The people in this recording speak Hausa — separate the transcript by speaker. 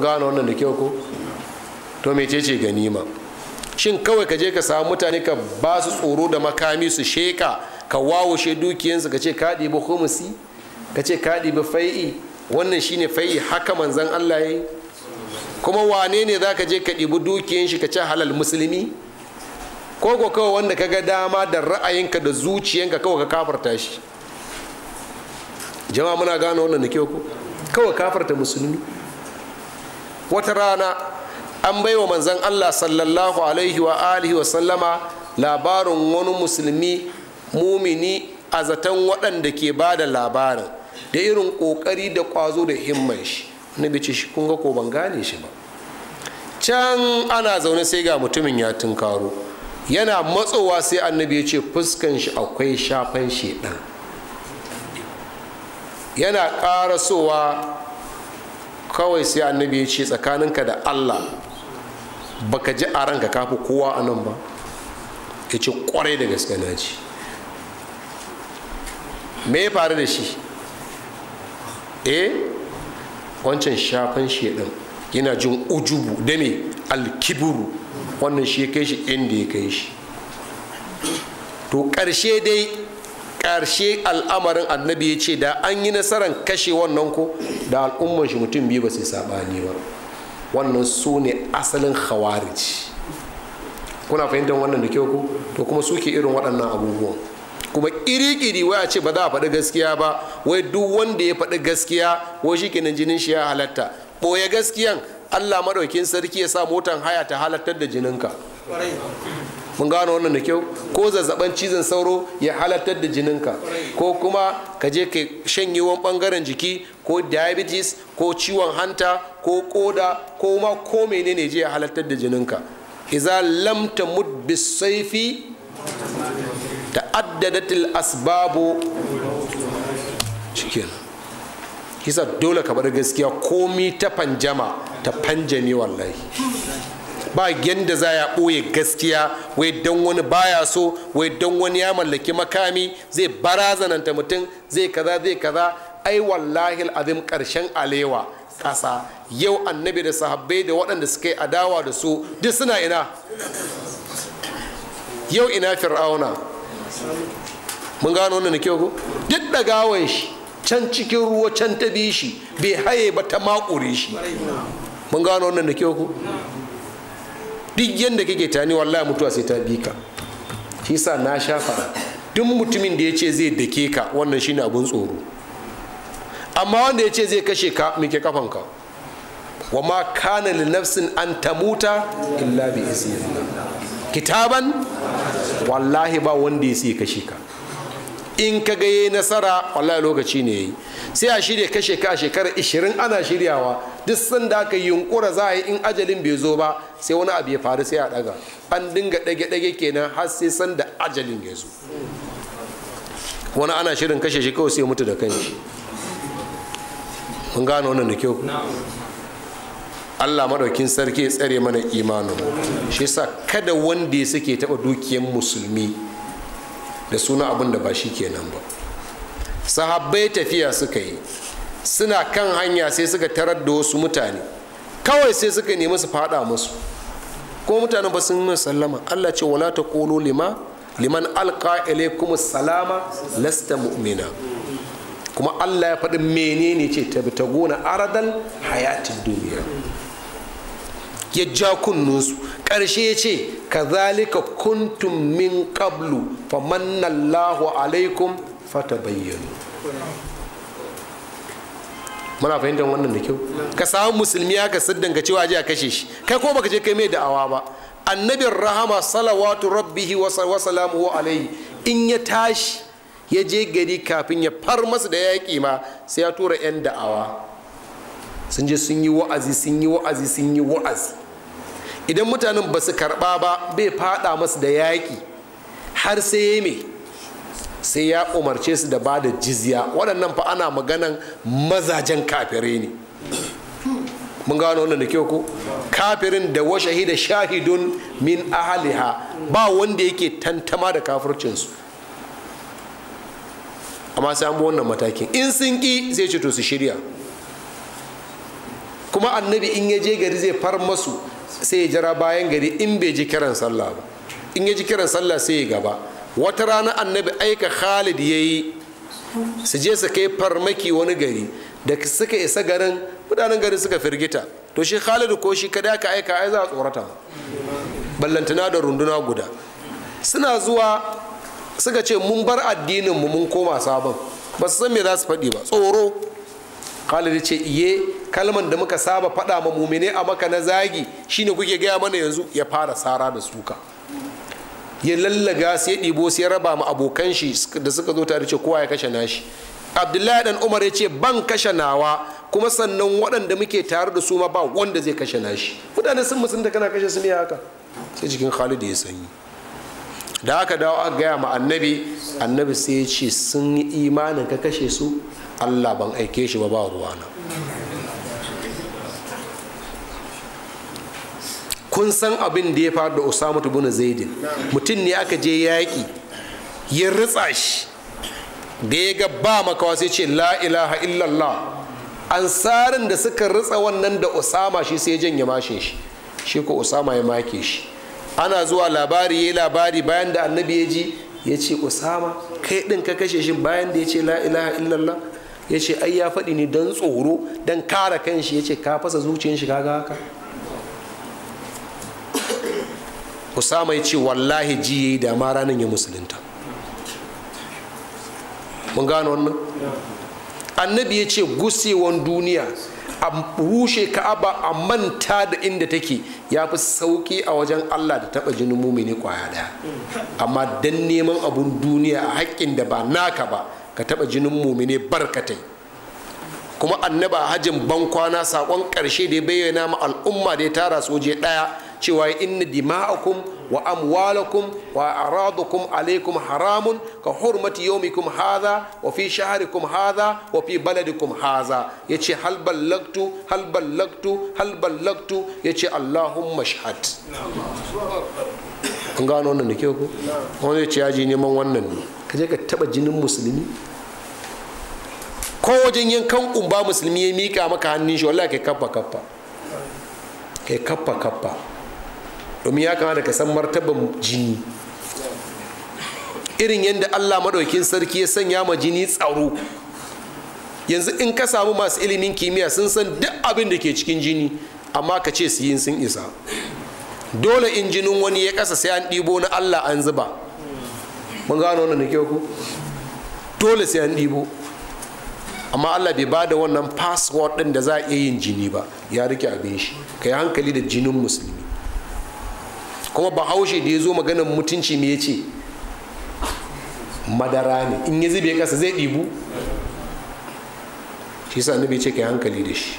Speaker 1: gano wannan da kyau ko to mecece ganima shin kawai ka je ka samu mutane ka ba su tsoro da makami su sheka ka wawashe dukiyansu ka ce kaɗi ba humusi ka ce kaɗi ba fai'i wannan shine fai'i haka manzan Allah ya kuma wane ne za ka je ka ɗibi dukiyan shi ka ce halal musulmi ko ko kawai wanda ka ga dama da ra'ayinka da zuciyanka kawai ka kafarta shi jama'a muna gano wannan da kyau ko kawai kafarta musulmi wata rana an baiwa manzan allah sallallahu alaihi wa alihi wa sallama labarin wani musulmi mumini a zaton waɗanda ke ba da labarin da irin ƙoƙari da ƙwazo da himman shi na ce shi kunga ko ban gane shi ba can ana zaune sai ga mutumin ya tunkaro yana matsowa sai annabi ya ce fuskan shi akwai shafan shedan yana ƙarasowa kawai sai annabi ya ce tsakaninka da allah baka ji a ranka kafi kowa a nan ba ya ce kwarai da gaske na ji me ya faru da shi eh wancan shafan shedan yana jin ujubu da me alkiburu wannan shi ya kai shi inda ya kai shi to ƙarshe dai Karshe al'amarin annabi ya ce da an yi nasarar kashe wannan ko da al'umman shi mutum biyu ba su saɓani ba wannan su ne asalin khawarij kuna fahimtar wannan da kyau ko to kuma suke irin waɗannan abubuwan kuma iri-iri wai a ce ba za a faɗi gaskiya ba wai duk wanda ya faɗi gaskiya wai shi kenan jinin shi ya halatta ɓoye gaskiyan allah madaukin sarki ya sa motan haya ta halattar da jininka mun gano wannan da kyau ko zazzaban cizon sauro ya halattar da jinin ka. ko kuma ka je ka shanyewan bangaren jiki ko diabetes ko ciwon hanta ko koda ko ma ko menene je ya halattar da jininka iza lam tamud bisaifi ta'addadatil asbabu cikin kisa dole ka bar gaskiya komi ta fanjama ta fanjami wallahi ba yadda za ya ɓoye gaskiya wai don wani baya so wai don wani ya mallaki makami zai barazananta mutum zai kaza zai kaza ai wallahi azim karshen alewa ƙasa yau annabi da sahabbai da waɗanda suka yi adawa da su duk suna ina yau ina fir'auna mun gano wannan da kyau ku duk da shi can cikin ruwa can ta bi shi bai haye ba ta makure shi mun gano wannan da kyau ku duk yadda kake tani wallahi mutuwa sai ta bi ka shi sa na sha duk mutumin da ya ce zai dake ka wannan shine abun tsoro amma wanda ya ce zai kashe ka muke kafan ka. wa ma kana li nafsin an tamuta illa bi kitaban wallahi ba wanda ya sai kashe ka in ka ga yi nasara wallahi lokaci ne yi sai a shirya kashe ka a shekarar ishirin ana shiryawa duk sanda aka yunkura za a yi in ajalin bai zo ba sai wani abu ya faru sai a daga an dinga dage dage kenan har sai sanda ajalin ya zo wani ana shirin kashe shi kawai sai mutu da kanshi mun gano wannan da kyau Allah madaukin sarki ya tsare mana imanin shi sa kada wanda ya suke taba dukiyar musulmi da suna abin da ba shi kenan ba sahabbai tafiya suka yi suna kan hanya sai suka tarar da wasu mutane kawai sai suka nemi su fada musu ko mutane ba sun yi sallama Allah ce wala ta kolo lima liman alqa kuma salama lasta mu'mina kuma Allah ya faɗi menene ce ta bi ta gona aradal hayatin duniya ya ja kunnunsu ƙarshe ya ce zalika kuntum min qablu famannallahu alaikum fata bayyano muna fahimtar wannan da kyau ka samu musulmi ka siddan ka cewa a kashe shi kai ko baka je kai mai da'awa ba annabin rahama salawatu rabbihi wa salamuhu alaihi in ya tashi ya je gari kafin ya far masa da yaƙi ma sai ya tura 'yan da'awa sun je sun yi wa'azi sun yi wa'azi sun yi wa'azi idan mutanen ba su karɓa ba bai fada masu da yaƙi har sai ya mai sai ya umarce su da ba da jizya waɗannan fa ana maganan mazajen kafirai ne mun gano wannan da kyau ko kafirin da wa shahida shahidun min ahaliha ba wanda yake tantama da kafircinsu amma sai an bi wannan matakin in sun ki zai ce to su shirya kuma annabi in ya je gari zai far masu sai ya jira bayan gari in bai ji kiran sallah ba in ya ji kiran sallah sai ya gaba wata rana annabi aika khalid ya yi su je su kai farmaki wani gari da suka isa garin mutanen garin suka firgita to shi khalid ko shi kada ka aika ai za a tsorata ballantana da runduna guda suna zuwa suka ce mun bar addinin mu mun koma sabon ba su san me za su faɗi ba tsoro khalid ce iye kalman da muka saba faɗa ma mumine a maka na zagi shine kuke gaya mana yanzu ya fara sara da suka ya lallaga su ya ɗibo su ya raba ma abokan shi da suka zo tare ce kowa ya kashe nashi abdullahi dan umar ya ce ban kashe nawa kuma sannan waɗanda muke tare da su ma ba wanda zai kashe nashi mutane sun musunta kana kashe su ne haka sai jikin khalid ya sanyi da aka dawo aka gaya ma annabi annabi sai ya ce sun yi imanin ka kashe su allah ban aike shi ba ba ruwana kun san abin da ya faru da Usama bin Zaidin mutum ne aka je yaƙi ya ritsa shi da ya ga ba makawa sai ce la ilaha illallah ansarin da suka ritsa wannan da Usama shi sai janye mashin shi shi ko Usama ya make shi ana zuwa labari ya labari bayan da annabi ya ji ya ce Usama kai ɗin ka kashe shi bayan da ya ce la illallah ya ce ai ya faɗi ne don tsoro don kare kanshi ya ce ka fasa zuciyar shi kaga haka Kusa mai ce wallahi ji yayi da ma ranar ya musulunta mun gano wannan annabi ya ce gusewan duniya a rushe ka'aba a manta da inda take ya fi sauki a wajen allah da taba jinin mumini kwaya daya amma don neman abun duniya a haƙƙin da ba naka ba ka taba jinin mumini barkatai kuma annaba hajin bankwana kwana sakon ƙarshe da ya bayyana ma al'umma da ya tara soje ɗaya cewa inna dima'akum wa amwalakum wa aradukum alaikum haramun ka hurmati yawmikum hadha wa fi shaharikum hadha wa fi baladikum hadha yace hal ballagtu hal ballagtu hal ballagtu yace allahumma shahad kun gano wannan da kyau ko wani yace yaji neman wannan ne ka je ka taba jinin musulmi ko wajen yankan kumba musulmi ya mika maka hannun shi wallahi kai kaffa kaffa kai kaffa kaffa domin ya kamata ka san martaban jini irin yadda allah maɗaukin sarki ya sanya ma jini tsaro yanzu in ka samu masu ilimin kimiyya sun san duk abin da ke cikin jini amma ka ce su yi sun isa dole in jinin wani ya ƙasa sai an ɗibo na allah an zuba mun gano wannan da ku dole sai an ɗibo amma allah bai bada wannan password din da za a iya yin jini ba ya rike abin shi ka yi hankali da jinin musulmi kuma bahaushe da ya zo maganar mutunci me ya ce madara ne in ya zube kasa zai ɗibu shi sa annabi ce ka hankali da shi